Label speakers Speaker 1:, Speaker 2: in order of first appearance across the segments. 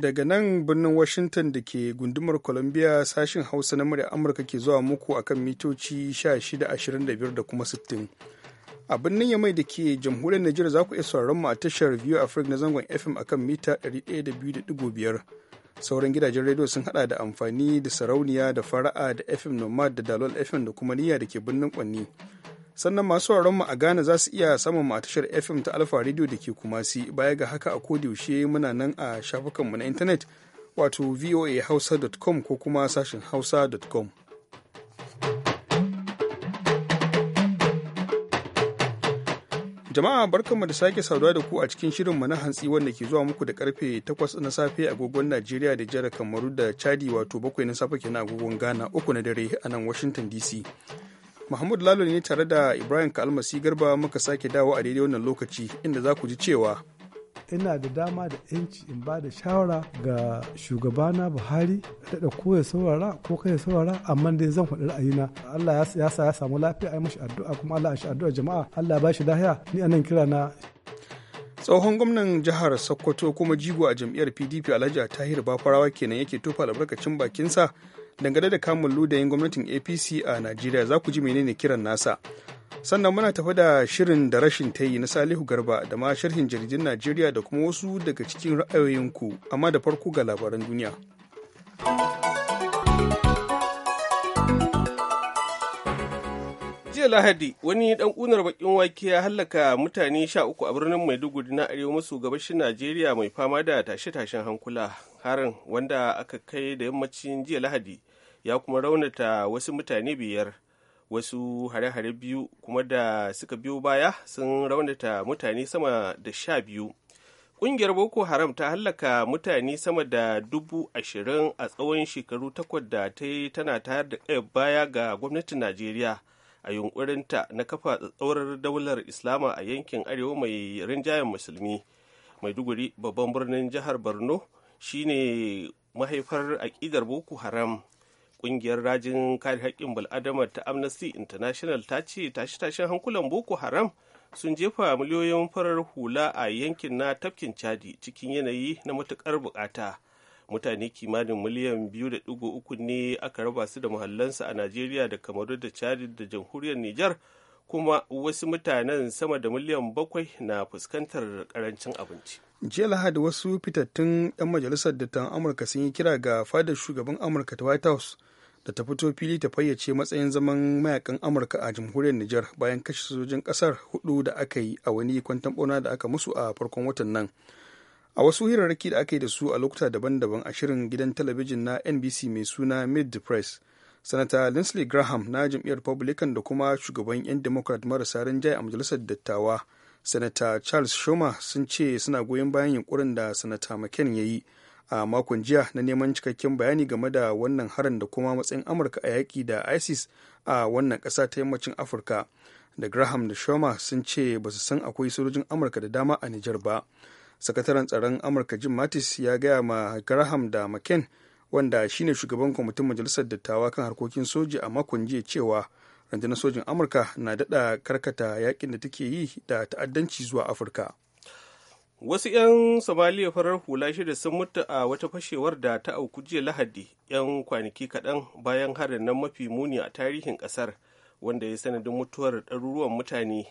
Speaker 1: daga nan birnin Washington da ke gundumar Columbia sashin Hausa na murya Amurka ke zuwa muku akan mitoci 1625 da kuma 60. A birnin Yamai da ke jamhuriyar Najeriya za ku iya sauraron mu a tashar View Africa na zangon FM akan mita 102.5. Sauran gidajen rediyo sun hada da amfani da sarauniya da fara'a da FM Nomad da Dalol FM da kuma niyya da ke birnin Kwanni. sannan masu mu a Ghana za su iya saman mu a tashar FM ta Alfa Radio da ke Kumasi baya ga haka a yaushe muna nan a shafukanmu na intanet wato voahausa.com ko kuma sashen hausa.com. Jama'a barkanmu da sake saduwa da ku a cikin shirinmu na hantsi wanda ke zuwa muku da karfe 8 na safe agogon Najeriya da jihar Kamaru da Chadi wato 7 na safe kenan agogon Ghana 3 na dare a nan Washington DC. Mahmud Lalo ne tare da Ibrahim Kalmasi Garba muka sake dawo a daidai wannan lokaci inda za ku ji cewa
Speaker 2: ina da dama da yanci in ba da shawara ga shugabana buhari da ko ya saurara ko kai ya saurara amma dai zan faɗi ra'ayina allah ya sa ya samu lafiya ai mashi addu'a kuma allah shi addu'a jama'a allah ya bashi lahiya ni anan kira na
Speaker 1: tsohon gwamnan jihar sokoto kuma jigo a jam'iyyar pdp alhaji tahir bafarawa kenan yake tofa albarkacin bakinsa dangane da kamun ludayin gwamnatin apc a najeriya za ku ji menene kiran nasa sannan muna tafi da shirin da rashin tayi na salihu garba da ma sharhin jaridun najeriya da kuma wasu daga cikin ra'ayoyinku amma da farko ga labaran duniya jiya lahadi
Speaker 3: wani dan kunar bakin wake ya hallaka mutane sha uku a birnin maiduguri na arewa maso gabashin najeriya mai fama da tashe-tashen hankula harin wanda aka kai da yammacin jiya lahadi ya kuma raunata wasu mutane biyar wasu hare-hare biyu kuma da suka biyo baya sun raunata mutane sama da sha biyu ƙungiyar boko haram ta hallaka mutane sama da dubu ashirin a tsawon shekaru takwas da ta yi tana tayar da ɗaya baya ga gwamnatin najeriya a yunkurinta na kafa tsatsaurar daular islama a yankin arewa mai rinjayen musulmi maiduguri babban birnin jihar borno shine mahaifar aƙidar boko haram ƙungiyar rajin kare haƙƙin bal'adama ta amnesty international ta ce tashe-tashen hankulan boko haram sun jefa miliyoyin farar hula a yankin na tafkin chadi cikin yanayi na matuƙar bukata mutane kimanin miliyan biyu da uku ne aka raba su da muhallansu a najeriya da kamaru da chadi da jamhuriyar nijar kuma wasu mutanen sama da miliyan bakwai na fuskantar karancin abinci
Speaker 1: jiya lahadi wasu fitattun 'yan majalisar dattawan amurka sun yi kira ga fadar shugaban amurka ta white house da ta fito fili ta fayyace matsayin zaman mayakan amurka a jamhuriyar nijar bayan kashe sojojin kasar hudu da aka yi a wani kwantan bauna da aka musu a farkon watan nan a wasu hirarraki da aka yi da su a lokuta daban-daban a shirin gidan talabijin na nbc mai suna mid press sanata lindsey graham na jam'iyyar republican da kuma shugaban 'yan democrat marasa rinjaye a majalisar dattawa sanata charles schumer sun ce suna goyon bayan yunkurin da sanata mccain ya yi a makon jiya na neman cikakken bayani game da wannan harin da kuma matsayin amurka a yaƙi da isis a wannan ƙasa ta yammacin afirka da graham da schumer sun ce ba su san akwai sojojin amurka da dama a niger ba sakataren tsaron amurka jim mattis ya gaya ma graham da mccain wanda shine shugaban kwamitin majalisar dattawa kan harkokin soji a makon jiya cewa rundunar sojin amurka na dada karkata yakin da take yi da ta'addanci zuwa afirka
Speaker 3: wasu 'yan somaliya farar hula shida sun mutu a wata fashewar da ta auku jiya lahadi 'yan kwanaki kaɗan bayan harin nan mafi muni a tarihin ƙasar wanda ya sanadin mutuwar ɗaruruwan mutane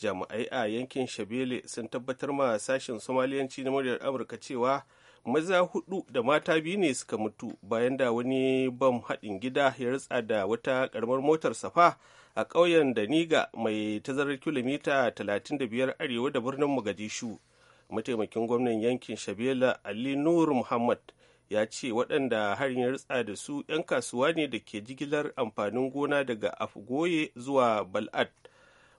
Speaker 3: jami'ai a yankin shabele sun tabbatar ma sashen somaliyanci na muryar amurka cewa maza hudu da mata biyu ne suka mutu bayan da wani bam haɗin gida ya ritsa da wata karamar motar safa a ƙauyen daniga mai tazarar kilomita 35 arewa da birnin mogadishu mataimakin gwamnan yankin shabela ali nur muhammad ya ce waɗanda harin ya ritsa da su 'yan kasuwa ne da ke jigilar amfanin gona daga afgoye zuwa bal'ad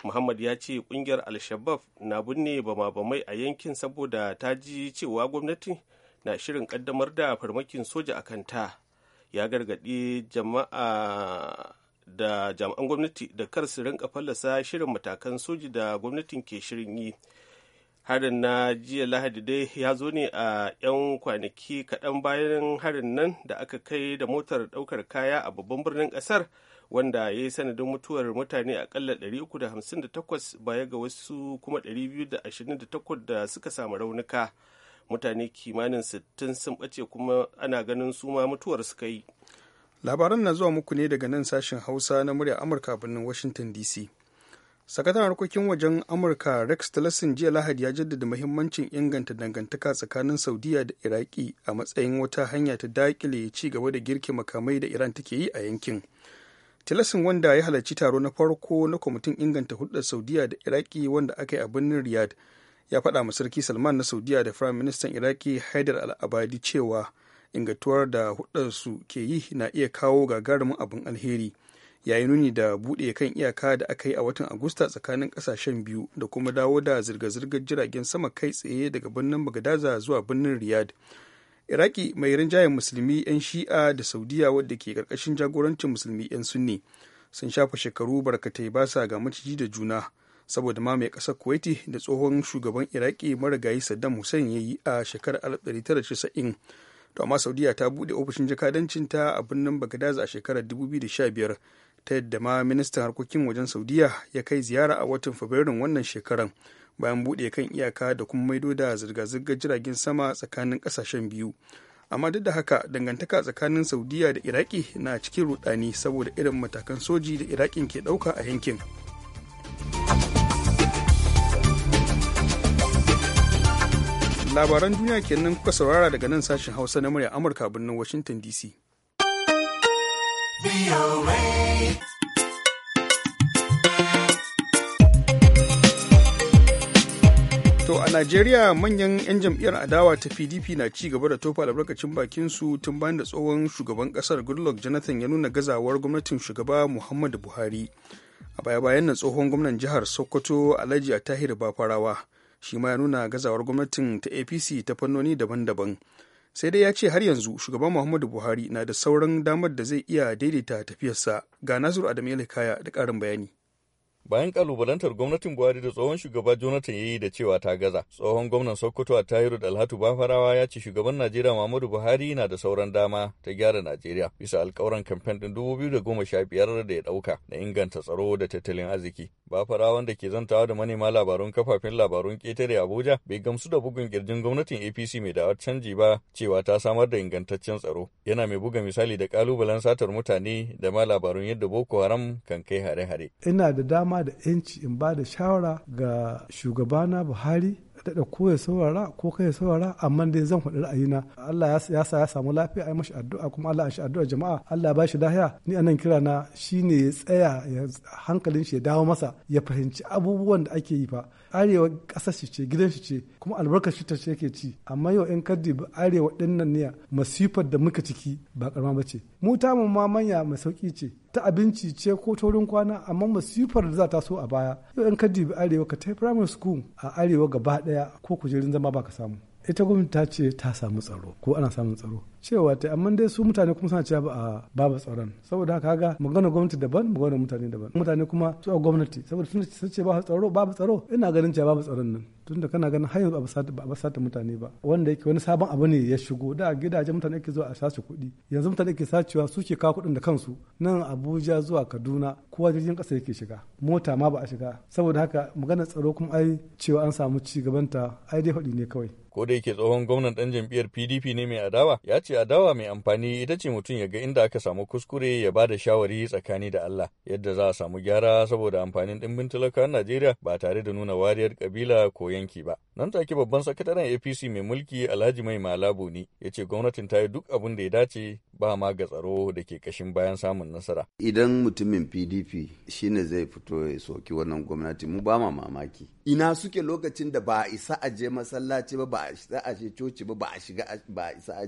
Speaker 3: muhammad ya ce ƙungiyar Alshabab na binne bama-bamai a yankin saboda ta ji cewa gwamnati na shirin kaddamar da farmakin soja a kanta ya gargaɗi jama'a da jami'an gwamnati da kar su rinka fallasa shirin matakan soji da gwamnatin ke shirin yi harin na jiya lahadi dai ya zo ne a 'yan kwanaki kaɗan bayan harin nan da aka kai da motar ɗaukar kaya a babban birnin ƙasar wanda ya yi sanadin mutuwar mutane akalla 358 baya ga wasu kuma 228 da suka samu raunuka. mutane kimanin 60 sun bace kuma ana ganin su ma mutuwar suka yi
Speaker 1: labaran na zuwa muku ne daga nan sashen hausa na murya amurka birnin washington dc sakataren harkokin wajen amurka rex tillerson jiya lahadi ya jaddada muhimmancin inganta dangantaka tsakanin saudiya da iraki a matsayin wata hanya ta dakile ci gaba da girke makamai da iran take yi a yankin tillerson wanda ya halarci taro na farko na kwamitin inganta hulɗar saudiya da iraki wanda aka yi a birnin riyadh ya faɗa ma sarki salman na saudiya da firayim ministan iraki haidar al'abadi cewa ingantuwar da hudarsu ke yi na iya kawo gagarumin abin alheri yayin nuni da buɗe kan iyaka da aka yi a watan agusta tsakanin ƙasashen biyu da kuma dawo da zirga-zirgar jiragen sama kai tsaye daga birnin bagadaza zuwa birnin riyad iraki mai rinjayen musulmi 'yan shi'a da saudiya wadda ke karkashin jagorancin musulmi 'yan sunni sun shafa shekaru barkatai basa ga maciji da juna saboda ma mai kasar kuwaiti da tsohon shugaban iraki marigayi saddam hussein ya yi a shekarar 1990 to amma saudiya ta buɗe ofishin jakadancin ta a birnin bagadaza a shekarar 2015 ta yadda ma ministan harkokin wajen saudiya ya kai ziyara a watan fabrairun wannan shekaran bayan buɗe kan iyaka da kuma maido da zirga-zirgar jiragen sama tsakanin ƙasashen biyu amma duk da haka dangantaka tsakanin saudiya da iraki na cikin rudani saboda irin matakan soji da irakin ke ɗauka a yankin labaran duniya kenan kuka saurara daga nan sashen hausa na murya amurka birnin washington dc To a Najeriya manyan 'yan jam'iyyar adawa ta PDP na ci gaba da tofa albarkacin bakin su tun bayan da tsohon shugaban kasar Goodluck Jonathan ya nuna gazawar gwamnatin shugaba Muhammadu Buhari. A baya-bayan nan tsohon gwamnan jihar Sokoto Alhaji a tahir Bafarawa shi ma ya nuna gazawar gwamnatin ta apc ta fannoni daban-daban sai dai ya ce har yanzu shugaban muhammadu buhari na da sauran damar
Speaker 4: da zai iya daidaita tafiyarsa ga nasiru adam kaya da ƙarin bayani bayan kalubalantar gwamnatin buhari da tsohon shugaba jonathan ya yi da cewa ta gaza tsohon gwamnan sokoto a tahiru dalhatu bafarawa ya ce shugaban najeriya muhammadu buhari na da sauran dama ta gyara najeriya bisa alkawaran kamfen ɗin dubu biyu sha biyar da ya ɗauka na inganta tsaro da tattalin arziki bafarawa wanda ke zantawa da manema labarun kafafen labarun ketare abuja bai gamsu da bugun kirjin gwamnatin apc mai dawar canji ba cewa ta samar da ingantaccen tsaro yana mai buga misali da kalubalen satar mutane da ma labarun yadda boko haram kan kai hare-hare
Speaker 2: ina da dama dama da 'yanci in ba da shawara ga shugabana buhari da ko ya saurara ko kai ya saurara amma dai zan faɗi ra'ayina Allah ya sa ya samu lafiya ai mashi addu'a kuma Allah ya shi addu'a jama'a Allah ya bashi lafiya ni anan kira na shine ya tsaya hankalin shi ya dawo masa ya fahimci abubuwan da ake yi fa arewa ƙasar shi ce gidan shi ce kuma albarkar shi ta ce yake ci amma yau in kaddi arewa ɗinnan ne masifar da muka ciki ba karama ba ce mu mu ma manya mai sauki ce ta abinci ce ko taurin kwana amma masifar da za ta so a baya yau in kaddi arewa ka tai primary school a arewa gaba ɗaya ko kujerun zama ba ka samu ita gwamnati ta ce ta samu tsaro ko ana samun tsaro cewa ta amma dai su mutane kuma suna cewa ba a babu tsaron saboda haka ga magana gwamnati daban magana mutane daban mutane kuma su a gwamnati saboda sun ce ba tsaro babu tsaro ina ganin cewa babu tsaron nan tun tunda kana ganin hanyar ba a sata mutane ba wanda yake wani sabon abu ne ya shigo da gidajen mutane ake zuwa a sace kuɗi yanzu mutane ke sacewa su ke kawo kuɗin da kansu nan Abuja zuwa Kaduna kowa jirgin ƙasa yake shiga mota ma ba a shiga saboda haka magana tsaro kuma ai cewa an samu ci gabanta ai dai faɗi ne kawai
Speaker 4: ko da yake tsohon gwamnan ɗan jam'iyyar PDP ne mai adawa ya ce ce adawa mai amfani ita ce mutum ya ga inda aka samu kuskure ya ba da shawari tsakani da Allah yadda za a samu gyara saboda amfanin ɗimbin talakawan Najeriya ba tare da nuna wariyar kabila ko yanki ba. Nan take babban sakataren APC mai mulki Alhaji Mai Malabo ne ya ce gwamnatin ta yi duk abin da ya dace ba ma ga tsaro da ke kashin bayan samun nasara.
Speaker 5: Idan mutumin PDP shine zai fito ya soki wannan gwamnati mu ba ma mamaki. Ina suke lokacin da ba isa a je masallaci ba ba a isa a je coci ba ba a shiga ba a isa a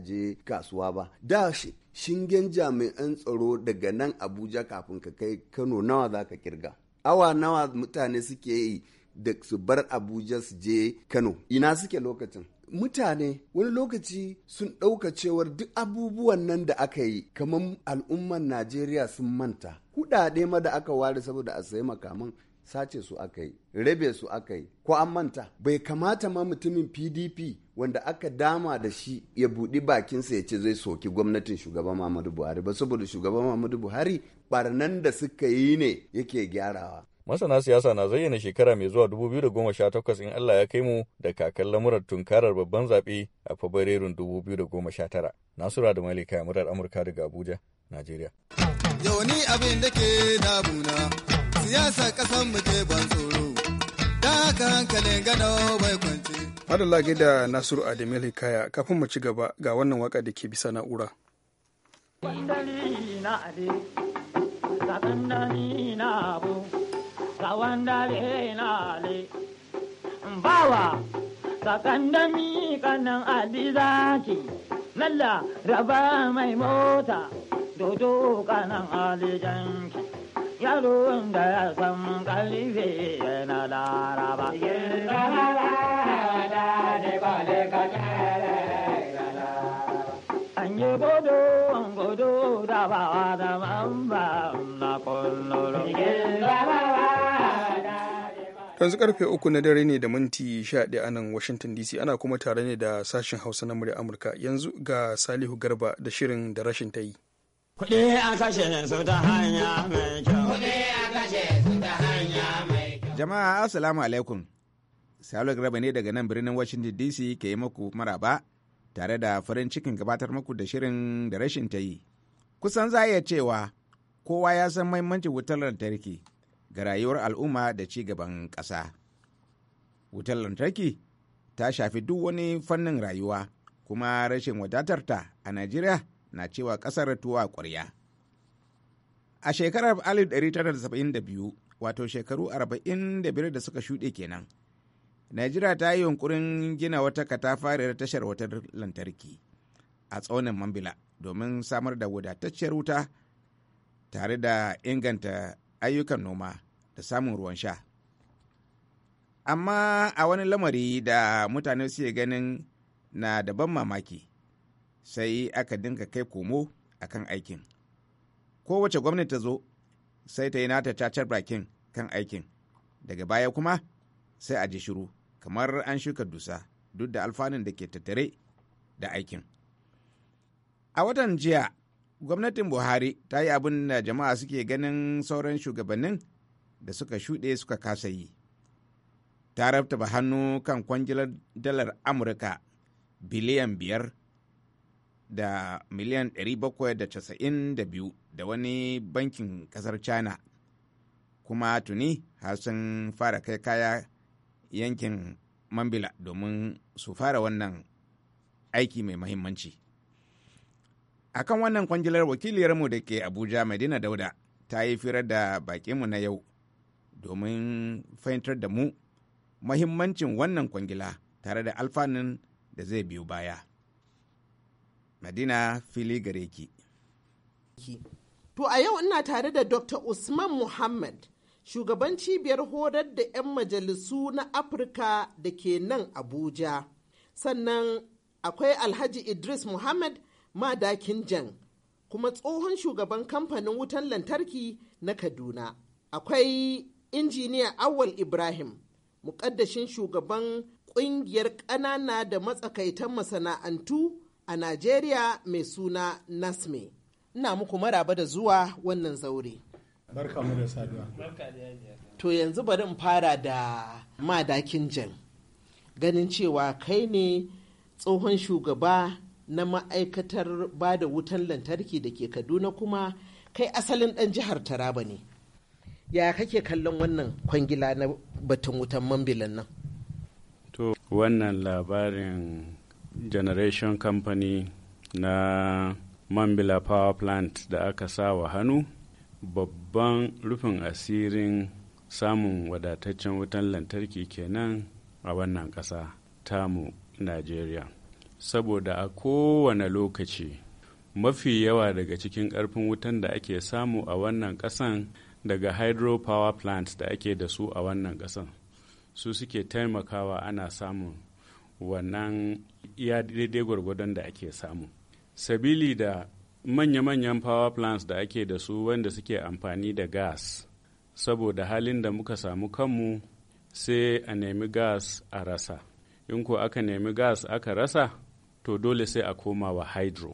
Speaker 5: kasuwa ba da shingen jami'an tsaro daga nan abuja kafin ka kai kano nawa za ka kirga awa nawa mutane suke yi da su bar abuja su je kano ina suke lokacin mutane wani lokaci sun ɗauka cewar duk abubuwan nan da aka yi kamar al'umman najeriya sun manta kuɗaɗe ma da aka ware saboda a sayi makaman sace su aka yi rabe su aka yi ko an manta bai kamata ma mutumin pdp wanda aka dama da shi ya buɗi bakinsa ya ce zai soki gwamnatin shugaban muhammadu buhari ba saboda shugaban muhammadu buhari barnan da suka yi ne yake gyarawa
Speaker 4: masana siyasa na zayyana shekara mai zuwa 2018 in Allah ya kai mu da kakar lamurar tunkarar babban zaɓe a fabrairun 2019 nasura da malika murar amurka daga abuja najeriya
Speaker 5: yau ni abin da ke damuna siyasar kasan mu ke ban tsoro da haka hankalin gano bai kwance
Speaker 1: madalla da nasiru adamil hikaya kafin mu ci gaba ga wannan waka da ke bisa na'ura
Speaker 5: wandari
Speaker 6: na sakandani na abu na ale bawa sakandami kanan zaki lalla raba mai mota dodo kanan alijanki yaro da san kalife na laraba. An yi godo, godo da bawa da
Speaker 1: mamba
Speaker 6: na kullum.
Speaker 1: yanzu karfe uku na dare ne da minti 11 a nan washington dc ana kuma tare ne da sashen hausa na murya amurka yanzu ga salihu garba da shirin da rashin ta yi Kuɗi
Speaker 7: a kashe su ta hanya
Speaker 6: mai kyau. Kuɗi a kashe su ta hanya
Speaker 7: mai kyau. Jama'a Assalamu alaikum. Salo Graba ne daga nan birnin Washington DC ke yi muku maraba tare da farin cikin gabatar muku da shirin da rashin ta yi. Kusan za iya cewa kowa ya san mahimmancin wutar lantarki ga rayuwar al'umma da ci gaban ƙasa. Wutar lantarki ta shafi duk wani fannin rayuwa kuma rashin wadatarta a Najeriya na cewa ƙasar tuwa kwarya. A shekarar 1972, wato shekaru 45 da suka shuɗe kenan, Najeriya ta yi yunkurin gina wata katafariyar tashar wutar lantarki a tsaunin Mambila domin samar da wadatacciyar wuta tare da inganta ayyukan noma da samun ruwan sha. Amma a wani lamari da mutane suke ganin na da ban mamaki sai aka dinga kai komo a kan aikin kowace gwamnati ta zo sai ta yi nata cacar bakin kan aikin daga baya kuma sai a ji shiru kamar an shuka dusa duk da alfanun da ke tattare da aikin a watan jiya gwamnatin buhari ta yi abin da jama'a suke ganin sauran shugabannin da suka shuɗe suka kasa yi ta ba hannu kan kwangilar dalar amurka biliyan biyar da miliyan 792 da wani bankin kasar china kuma tuni har sun fara kai kaya yankin mambila domin su fara wannan aiki mai mahimmanci akan wannan kwangilar wakiliyarmu da ke abuja madina dauda ta yi firar da bakinmu na yau domin fahimtar da mu mahimmancin wannan kwangila tare da alfanun da zai biyu baya. Madina fili gare ki.
Speaker 8: To a yau ina tare da Dr. Usman Muhammad, shugaban cibiyar horar da 'yan majalisu na Afirka da ke nan Abuja. Sannan akwai Alhaji Idris Muhammad madakin jan, kuma tsohon shugaban kamfanin wutan lantarki na Kaduna. Akwai injiniya Awal Ibrahim, muƙaddashin shugaban ƙungiyar ƙanana da matsakaitan masana'antu a Najeriya mai suna Nasme. Ina muku maraba da zuwa wannan zaure. Barka mu da saduwa. To yanzu bari in fara da madakin jan. Ganin cewa kai ne tsohon shugaba na ma'aikatar ba da wutan lantarki da ke Kaduna kuma kai asalin ɗan jihar Taraba ne. Ya kake kallon wannan kwangila na batun wutan mambilan nan?
Speaker 9: To, wannan labarin generation company na mambila power plant da aka sa wa hannu babban rufin asirin samun wadataccen wutan lantarki kenan a wannan ƙasa tamu najeriya saboda a kowane lokaci mafi yawa daga cikin ƙarfin wutan da ake samu a wannan ƙasan daga hydropower plants da ake da su a wannan ƙasan su suke taimakawa ana samun wannan iya daidai gwargwadon da ake samu sabili da manya-manyan power plants da ake da su wanda suke amfani da gas saboda halin da muka samu kanmu sai a nemi gas a rasa in ko aka nemi gas aka rasa to dole sai a koma wa hydro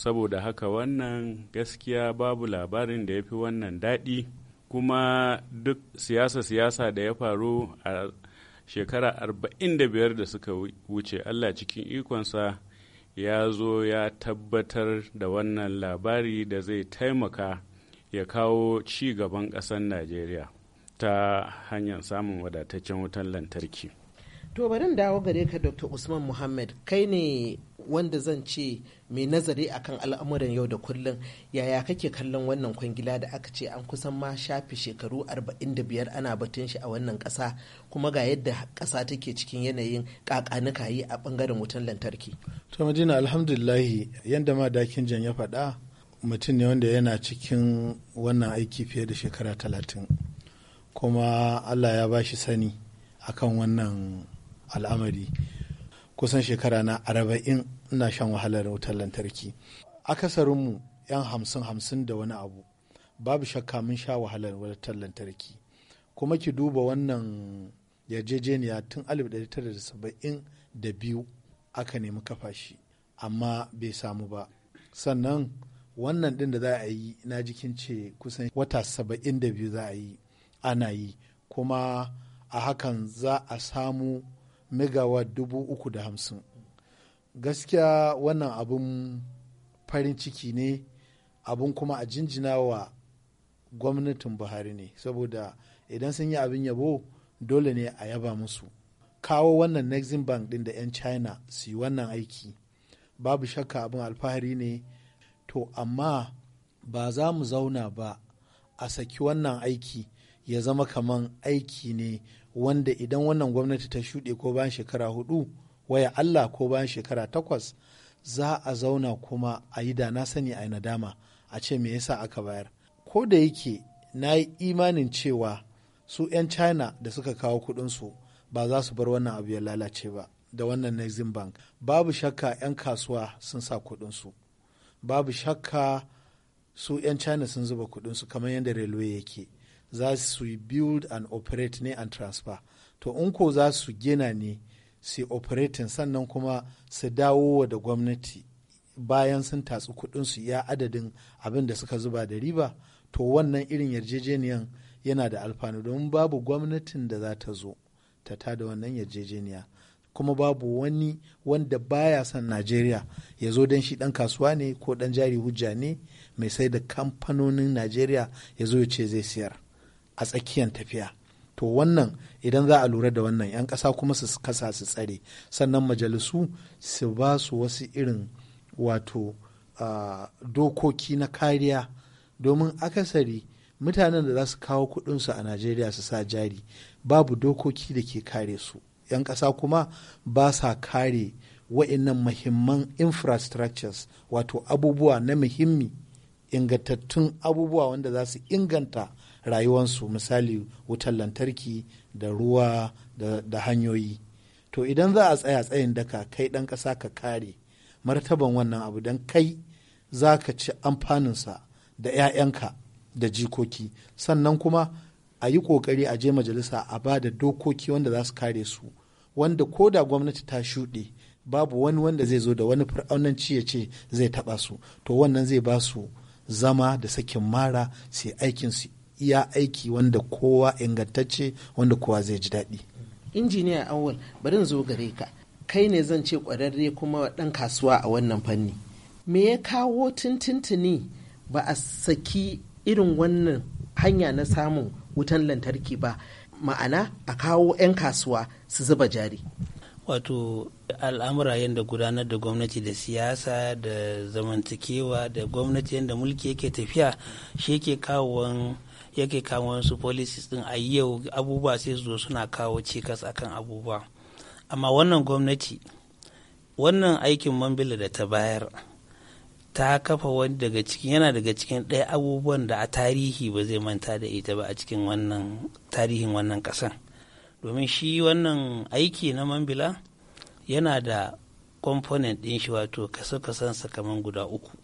Speaker 9: saboda haka wannan gaskiya babu labarin da ya fi wannan daɗi kuma duk siyasa-siyasa da ya faru a shekara arba'in da biyar da suka wuce allah cikin ikonsa ya zo ya tabbatar da wannan labari da zai taimaka ya kawo ci gaban ƙasar najeriya ta hanyar samun wadataccen wutan lantarki
Speaker 8: To bari dawo gare ka Dr. Usman Muhammad kai ne wanda zan ce mai nazari akan al'amuran yau da kullum yaya kake kallon wannan kwangila da aka ce an kusan ma shafi shekaru 45 ana batun shi a wannan ƙasa kuma ga yadda ƙasa take cikin yanayin kakanuka yi a bangaren wutan lantarki.
Speaker 10: To Madina alhamdulillahi yadda ma dakin jan ya faɗa mutum ne wanda yana cikin wannan aiki fiye da shekara talatin kuma Allah ya bashi sani akan wannan al'amari kusan shekara na arba'in ina shan wahalar wutar lantarki akasarinmu 'yan hamsin hamsin da wani abu babu shakka mun sha wahalar wutar lantarki kuma ki duba wannan yarjejeniya tun alif 1972 aka nemi kafa shi amma bai samu ba sannan wannan din da za a yi na jikin ce kusan wata 72 za a yi ana yi kuma a hakan za a samu megawatt dubu uku da hamsin gaskiya wannan abun farin ciki ne abun kuma a jinjina wa gwamnatin buhari ne saboda idan sun yi abin yabo dole ne a yaba musu kawo wannan nexin bank din da 'yan china su yi wannan aiki babu shakka abin alfahari ne to amma ba za mu zauna ba a saki wannan aiki ya zama kaman aiki ne wanda idan wannan gwamnati ta shuɗe ko bayan shekara hudu waya Allah ko bayan shekara takwas za a zauna kuma a yi da na sani a nadama a ce me yasa aka bayar ko da yake na yi imanin cewa su 'yan china da suka kawo kudinsu ba za su bar wannan abu ya lalace ba da wannan Nexim bank babu shakka 'yan kasuwa sun sa kudinsu babu shakka su 'yan china sun zuba kudinsu kamar yadda railway yake za su build and operate ne and transfer to in ko za su gina ne su operating sannan kuma su dawo da gwamnati bayan sun tatsu kudinsu ya adadin abin da suka zuba da riba to wannan irin yarjejeniyan yana da alfanu domin babu gwamnatin da za ta zo ta tada wannan yarjejeniya kuma babu wani wanda baya son najeriya ya zo don shi dan kasuwa ne ko dan jari hujja ne mai sai da kamfanonin najeriya ya zo ya ce zai siyar a tsakiyar tafiya to wannan idan za a lura da wannan 'yan ƙasa kuma su kasa su tsare sannan majalisu su ba su wasu irin wato dokoki na kariya domin akasari mutanen da za su kawo kudinsu a najeriya su sa jari babu dokoki da ke kare su 'yan ƙasa kuma ba sa kare wa'annan mahimman infrastructures wato abubuwa na muhimmi ingantattun abubuwa wanda za su inganta rayuwansu misali wutar lantarki da ruwa da hanyoyi to idan za a tsaya tsayin daka kai ɗan ƙasa ka kare martaban wannan abu don kai za ka ci amfaninsa da 'ya'yanka da jikoki sannan kuma a yi ƙoƙari a je majalisa a ba da dokoki wanda za su kare su wanda ko da gwamnati ta shuɗe babu wani wanda zai zo da wani fir'aunanci ya ce zai taɓa su to wannan zai ba su zama da sakin mara sai aikin su iya aiki wanda kowa ingantacce wanda kowa zai ji daɗi
Speaker 8: injiniya awal bari zo gare ka kai ne zan ce kwararre kuma ɗan kasuwa a wannan fanni me ya kawo tuntuntuni ba a saki irin wannan hanya na samun wutan lantarki ba ma'ana a kawo 'yan kasuwa su zuba jari
Speaker 6: wato al'amura yadda gudanar da gwamnati da siyasa da zamantakewa da gwamnati yadda mulki yake tafiya shi yake kawo yake kawo wasu policies din a yau abubuwa sai zo suna kawo cikas akan abubuwa amma wannan gwamnati wannan aikin mambila da ta bayar ta kafa wani daga cikin yana daga cikin ɗaya abubuwan da a tarihi ba zai manta da ita ba a cikin wannan tarihin wannan ƙasan domin shi wannan aiki na mambila yana da component ɗin shi wato kaso kasansa kamar guda uku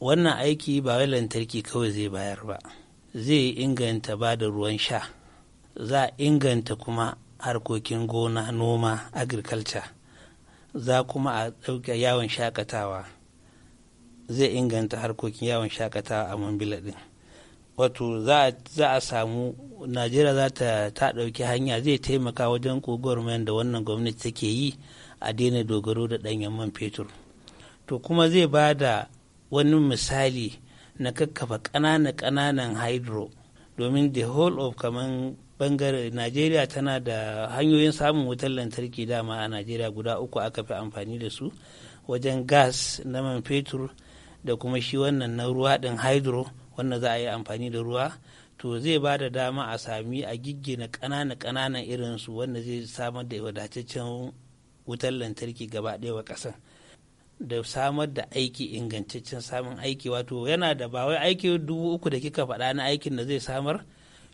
Speaker 6: wannan aiki ba wai lantarki kawai zai bayar ba zai inganta ba da ruwan sha za a inganta kuma harkokin gona noma agriculture za kuma a ɗauki yawon shakatawa zai inganta harkokin yawon shakatawa a mambila ɗin wato za a samu najeriya za ta ɗauki hanya zai taimaka wajen mayan da wannan gwamnati take yi a daina dogaro da ɗanyen man fetur to kuma zai ba da wani misali na kakkafa ƙananan-ƙananan hydro domin the whole of kaman bangare najeriya tana da hanyoyin samun wutar lantarki dama a najeriya guda uku aka fi amfani da su wajen gas na man fetur da kuma shi wannan na ruwa ɗin hydro wanda za a yi amfani da ruwa to zai ba da dama a sami a giggina ƙananan ƙananan irinsu wanda zai samar da wadataccen wutar lantarki gaba ɗaya wa kasan. da samar da aiki ingantaccen samun aiki wato yana da ba wai aiki dubu uku da kika faɗa na aikin da zai samar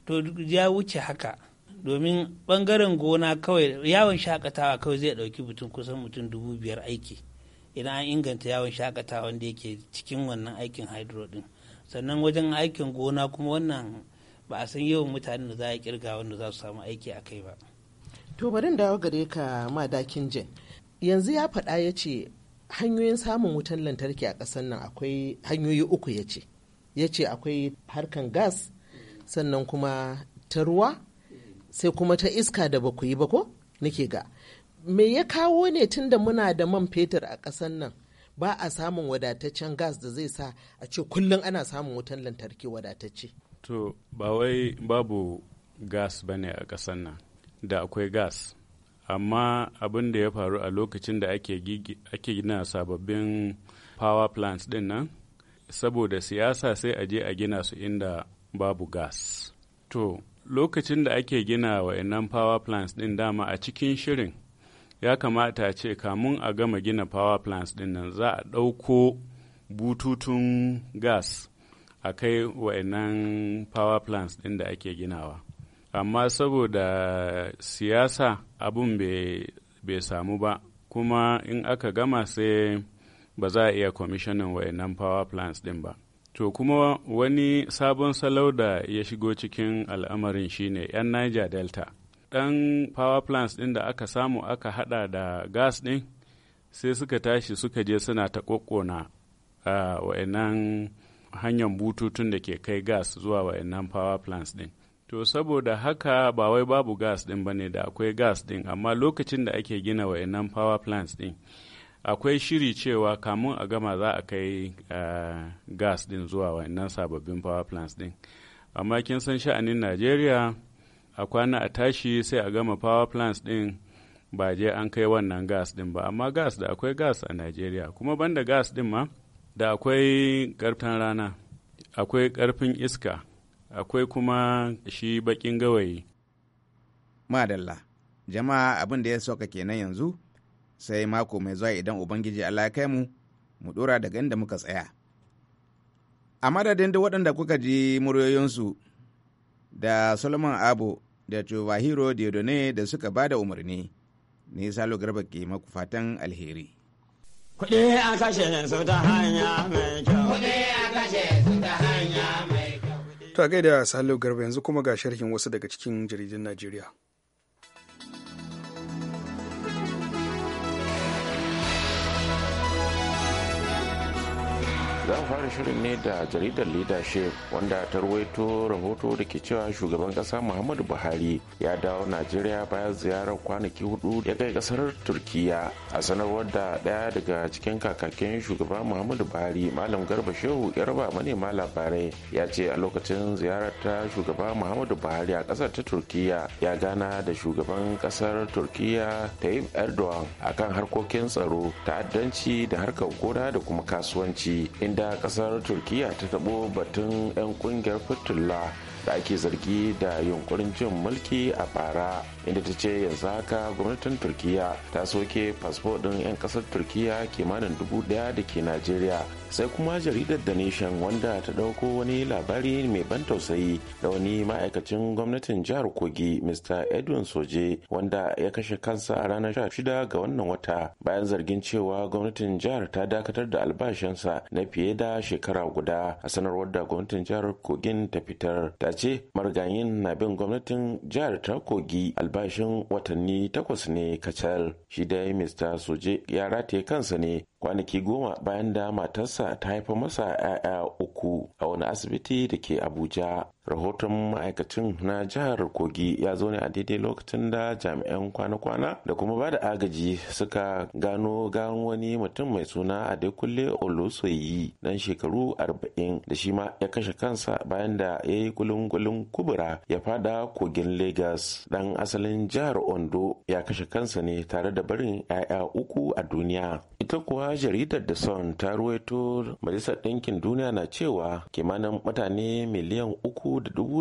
Speaker 6: to ya wuce haka domin bangaren gona kawai yawon shakatawa kawai zai ɗauki mutum kusan mutum dubu biyar aiki idan an inganta yawon shakatawa wanda yake cikin wannan aikin hydro din sannan wajen aikin gona kuma wannan ba a san yawan mutane da za a kirga wanda za su samu aiki a kai ba.
Speaker 8: to bari dawo gare ka madakin jen yanzu ya faɗa ya ce hanyoyin samun wutan lantarki a ƙasar nan akwai hanyoyi uku ya ce ya ce akwai harkan gas sannan kuma ta ruwa sai kuma ta iska da ba ku yi ba ko nake ga me ya kawo ne tun da muna da man fetur a ƙasar nan ba a samun wadataccen gas da zai sa a ce kullum ana samun wutan lantarki wadatacce
Speaker 9: to ba wai babu gas ba ne a ƙasar nan da akwai gas amma abin da ya faru a lokacin da ake gina sababbin power plants din nan saboda siyasa sai a je a gina su inda babu gas to lokacin da ake gina wa'annan power plants din dama a cikin shirin ya kamata a ce kamun a gama gina power plants din nan za a ɗauko bututun gas a kai wa'annan power plants din da ake ginawa amma saboda siyasa abun bai samu ba kuma in aka gama sai ba za a iya kwamishinan wayannan power plants din ba to kuma wani sabon salau da ya shigo cikin al'amarin shine 'yan niger delta dan power plants din da aka samu aka hada da gas din sai suka tashi suka je suna ta ƙoƙona a wayannan hanyar bututun da ke kai gas zuwa wayannan power plants din. To saboda haka ba wai babu gas din bane da akwai gas din amma lokacin da ake gina wayannan power plants din akwai shiri cewa kamun a gama za a kai eh, gas din zuwa wayannan sababbin power plants din. Amma kin san sha'anin Najeriya a kwana a tashi sai a gama power plants din ba je an kai wannan gas din ba amma gas da akwai gas a Najeriya kuma banda gas din ma da akwai karfin rana akwai karfin iska akwai kuma shi bakin gawayi.
Speaker 7: Madalla, jama'a abin da ya sauka kenan yanzu sai mako mai zuwa idan Ubangiji Allah ya kai mu, mu ɗora daga inda muka tsaya. A madadin da waɗanda kuka ji muryoyinsu da Solomon Abu da Chubahiro Diodone da suka ba da umarni, ni Salo Garba ke maku fatan alheri.
Speaker 6: Kuɗi a kashe su ta hanya mai
Speaker 5: kyau. Kuɗi a kashe su ta hanya.
Speaker 1: ta gaida Salihu Garba yanzu kuma ga sharhin wasu daga cikin jaridun Najeriya.
Speaker 11: za mu fara shirin ne da jaridar leadership wanda ta ruwaito rahoto da ke cewa shugaban kasa muhammadu buhari ya dawo najeriya bayan ziyarar kwanaki hudu ya kai kasar turkiya a sanarwar da daya daga cikin kakakin shugaban muhammadu buhari malam garba shehu ya raba manema labarai ya ce a lokacin ziyarar ta shugaba muhammadu buhari a kasar ta turkiya ya gana da shugaban kasar turkiya tayyip erdogan akan harkokin tsaro ta'addanci da harkar gona da kuma kasuwanci inda inda kasar turkiya ta tabo batun 'yan kungiyar fitula da ake zargi da yunkurin jin mulki a bara inda ta ce yanzu haka gwamnatin turkiya ta soke fasfo 'yan kasar turkiya kimanin dubu daya da ke najeriya sai kuma jaridar da nation wanda ta ɗauko wani labari mai ban tausayi da wani ma'aikacin gwamnatin jihar kogi mr edwin soje wanda ya kashe kansa a ranar 16 ga wannan wata bayan zargin cewa gwamnatin jihar ta dakatar da albashinsa na fiye da shekara guda a sanarwar da gwamnatin jihar kogin ta fitar ta ce margayin na bin gwamnatin jihar ta kogi albashin watanni takwas ne kacal shi dai mr soje ya rataye kansa ne kwanaki goma bayan da matarsa ta haifa masa 'ya'ya uku a wani asibiti da ke abuja rahoton ma'aikacin na jihar kogi ya zo ne a daidai lokacin da jami'an kwana-kwana da kuma ba da agaji suka gano gan wani mutum mai suna a kulle olusoyi dan shekaru 40 da shi ma ya kashe kansa bayan da ya yi kulungulun kubura ya fada kogin lagos dan asalin jihar ondo ya kashe kansa ne tare da barin 'ya'ya uku a duniya ita kuwa jaridar da son ta ruwaito majalisar ɗinkin duniya na cewa kimanin mutane miliyan uku su dubu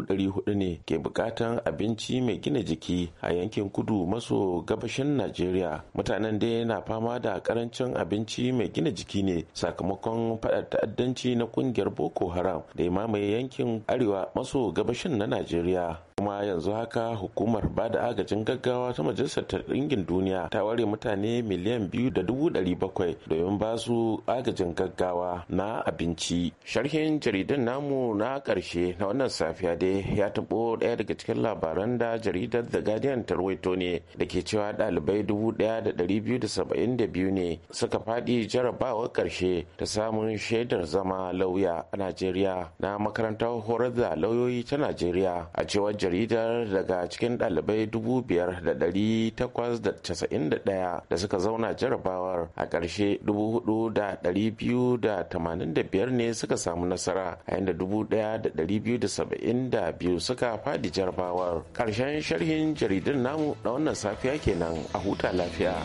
Speaker 11: ne ke bukatan abinci mai gina jiki a yankin kudu maso gabashin najeriya mutanen dai na fama da karancin abinci mai gina jiki ne sakamakon faɗar ta'addanci na kungiyar boko haram da ya mamaye yankin arewa maso gabashin na najeriya kuma yanzu haka hukumar ba da agajin gaggawa ta majalisar ta ɗingin duniya ta ware mutane miliyan biyu da dubu ɗari bakwai domin ba su agajin gaggawa na abinci sharhin jaridan namu na ƙarshe na wannan safiya dai ya taɓo ɗaya daga cikin labaran da jaridar the guardian tarwaito ne da ke cewa ɗalibai dubu ɗaya da ɗari biyu da saba'in da biyu ne suka faɗi jarabawar ƙarshe ta samun shaidar zama lauya a najeriya na makarantar horar da lauyoyi ta najeriya a cewar jaridar daga cikin ɗalibai 5,891 da suka zauna jarabawar a ƙarshe 4,285 ne suka samu nasara a da 1,272 suka fadi jarabawar ƙarshen sharhin jaridar namu na wannan safiya kenan a huta lafiya.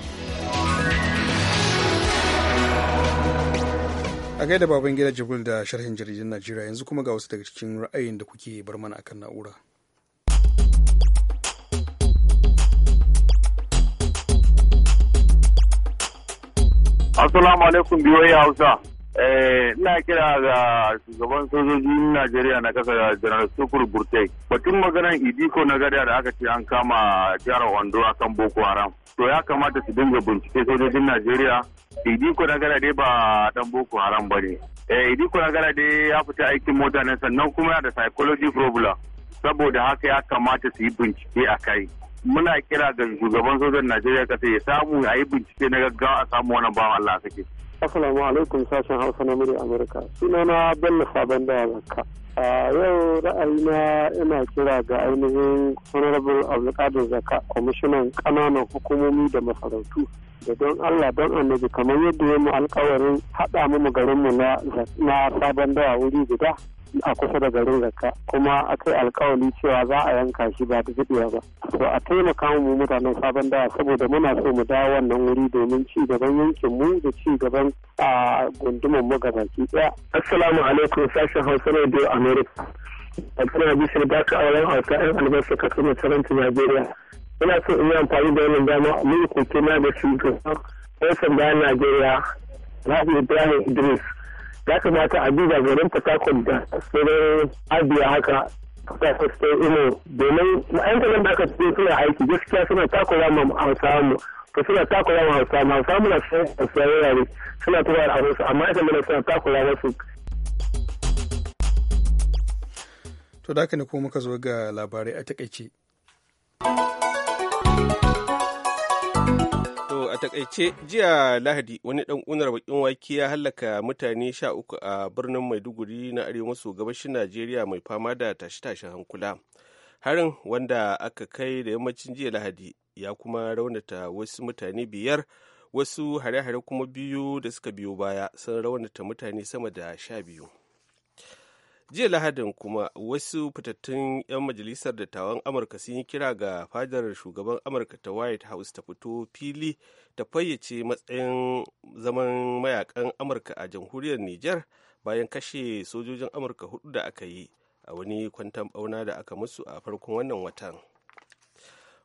Speaker 1: a gaida baban gida jibril da sharhin jaridun najeriya yanzu kuma ga wasu daga cikin ra'ayin da kuke bar mana akan na'ura
Speaker 12: Assalamu alaikum biyoyi Hausa. Eh, ina kira ga shugaban sojojin Najeriya na kasa General Sukur Burtek. Batun maganar Idiko na gada da aka ce an kama jihar a kan Boko Haram. To ya kamata su dinga bincike sojojin Najeriya. Idiko na gada dai ba dan Boko Haram ba ne. Eh, Idiko na gada dai ya fita aikin mota ne sannan kuma ya da psychology problem. Saboda haka ya kamata su yi bincike a kai. muna kira ga shugaban sojan Najeriya kasa ya samu a yi bincike na gaggawa a samu wani bawan Allah sake. Assalamu alaikum sashen Hausa na murya Amurka. na Bello Sabon da Zakka. A yau ra'ayina ina kira ga ainihin Honorable Abdulkadir zaka kwamishinan ƙananan hukumomi da masarautu. Da don Allah don annabi kamar yadda ya mu alkawarin haɗa mu garinmu na sabon dawa wuri guda. a kusa da garin zaka kuma a kai alkawali cewa za a yanka shi ba da zubewa ba to a taimaka mu mutanen sabon dawa saboda muna so mu dawo wannan wuri domin ci gaban yankin mu da ci gaban a gundumar mu ki ɗaya assalamu alaikum sashen hausa da america a abu shi da ka auren hausa yan albasa ka kuma taranta najeriya ina so in yi amfani da wannan dama mun koke na da shugaban san sanda najeriya rafi ibrahim idris ya kamata a duba gwanin fatakon da sauran abiya haka fatakon sai ino domin ma'aikatan da aka ce suna aiki gaskiya suna takura ma hausawa mu to suna takura ma hausa ma hausa muna suna yare suna tura da hausa amma ita mana suna takura wasu.
Speaker 1: to da haka ne kuma muka zo ga labarai a takaice.
Speaker 3: a takaice jiya Lahadi wani dan unar bakin wake ya hallaka mutane sha uku a birnin Maiduguri na arewa maso gabashin Najeriya mai fama da tashe-tashen hankula. Harin wanda aka kai da yammacin jiya Lahadi ya kuma raunata wasu mutane biyar wasu hare-hare kuma biyu da suka biyo baya sun raunata mutane sama da sha biyu. jiya lahadin kuma wasu fitattun 'yan majalisar dattawan amurka sun yi kira ga fadar shugaban amurka ta white house ta fito fili ta fayyace matsayin zaman mayakan amurka a jamhuriyar niger bayan kashe sojojin amurka hudu da aka yi a wani kwantan bauna da aka musu a farkon wannan watan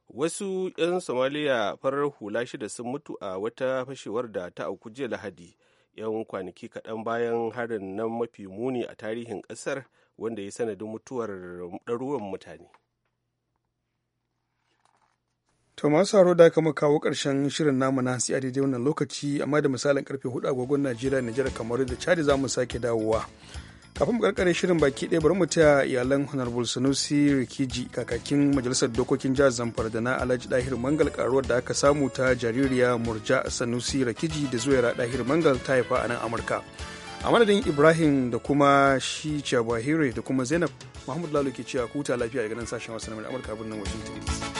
Speaker 3: wasu 'yan somaliya farar hula shida sun mutu a wata fashewar da ta auku jiya lahadi 'yan kwanaki kaɗan bayan harin na mafi muni a tarihin ƙasar wanda ya sanadin mutuwar ɗaruwan mutane.
Speaker 1: To masu da aka kawo ƙarshen shirin namu na a daidai wannan lokaci amma da misalin karfe hudu a agogon Najeriya Nijar kamar da Chad za mu sake dawowa. kafin mu karkare shirin baki ɗaya bari mu taya iyalan honorable sanusi rikiji kakakin majalisar dokokin jihar zamfara da na alhaji dahir mangal karuwar da aka samu ta jaririya murja sanusi rikiji da zuwaira dahir mangal ta haifa a nan amurka a madadin ibrahim da kuma shi chabahire da kuma zainab mahmud lalo ke cewa kuta lafiya daga nan sashen wasu na amurka birnin washington dc